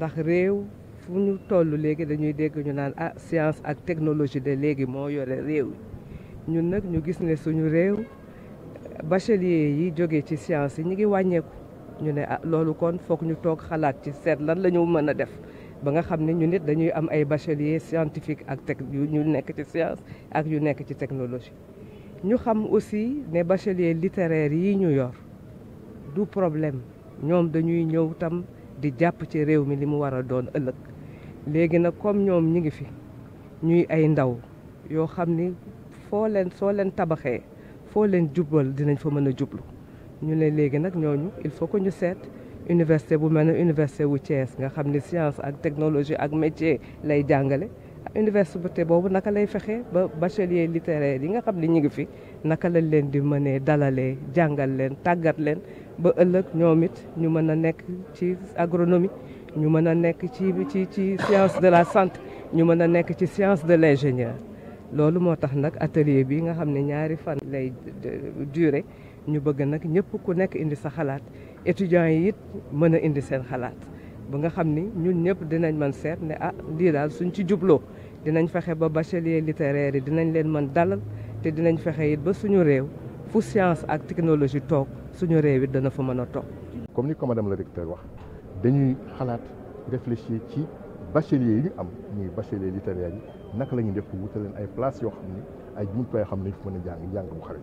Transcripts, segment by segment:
ndax réew fu ñu toll léegi dañuy dégg ñu naan ah science ak technologie de léegi moo yore réew yi ñun nag ñu gis ne suñu réew bachelier yi jóge ci science yi ñu ngi wàññeeku ñu ne ah loolu kon foog ñu toog xalaat ci seet lan la ñu mën a def ba nga xam ne ñu nit dañuy am ay bachelier scientifique ak tech ñu nekk ci science ak yu nekk ci technologie ñu xam aussi ne bachelier littéraire yi ñu yor du problème ñoom dañuy ñëw tam di jàpp ci réew mi li mu war a doon ëllëg léegi nag comme ñoom ñi ngi fi ñuy ay ndaw yoo xam ni foo leen soo leen tabaxee foo leen jubal dinañ fa mën a jublu ñu ne léegi nag ñooñu il faut ko ñu seet université bu mel ne université wu Thiès nga xam ni science ak technologie ak métier lay jàngale ah, université boobu naka lay fexe ba bachelier littéraire yi nga xam ni ñu ngi fi naka lañ leen di mënee dalalee jàngal leen tàggat leen ba ëllëg ñoom it ñu mën a nekk ci agronomie ñu mën a nekk ci ci ci science de la santé ñu mën a nekk ci science de l'ingénieur loolu moo tax nag atelier bi nga xam ne ñaari fan lay durer ñu bëgg nag ñëpp ku nekk indi sa xalaat étudiants yi it mën a indi seen xalaat ba nga xam ni ñun ñëpp dinañ mën seet ne ah lii daal suñ ci jubloo dinañ fexe ba bachelier littéraire yi dinañ leen mën dalal te dinañ fexe it ba suñu réew fu science ak technologie toog suñu réew it dana fa mën a toog. comme ni ko madame le recteur wax dañuy xalaat réfléchir ci bachelier yi ñu am ñuy bachelier littéraire yi naka la ñuy def ko leen ay place yoo xam ni ay jumtuwaay xam ne dañ fa a jàng jàng bu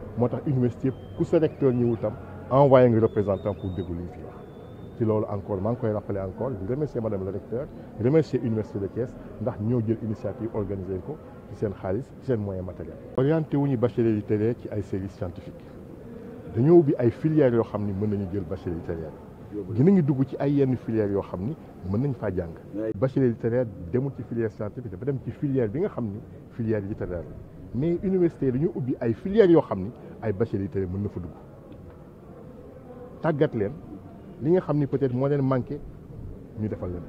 moo tax université pour ku sa recteur ñëwul tam envoyé représentant pour déglu li fi wax ci encore je ngi koy rappeler encore di remercier madame le recteur remercier université de Thiès ndax ñoo jël initiative organiser ko ci seen xaalis ci un moyen matériel. orienté wu ñu bachelier littéraire ci ay services scientifiques dañoo ubbi ay filière yoo xam ni mën nañu jël bachelier littéraire dina ngi dugg ci ay yenn filières yoo xam ni mën nañ faa jàng. bachelier littéraire demul ci filière scientifique dafa dem ci filière bi nga xam filière littéraire mais l'université, ne dañu pas ay filières qui xam ay qui fa ce que li nga peut-être manqué nous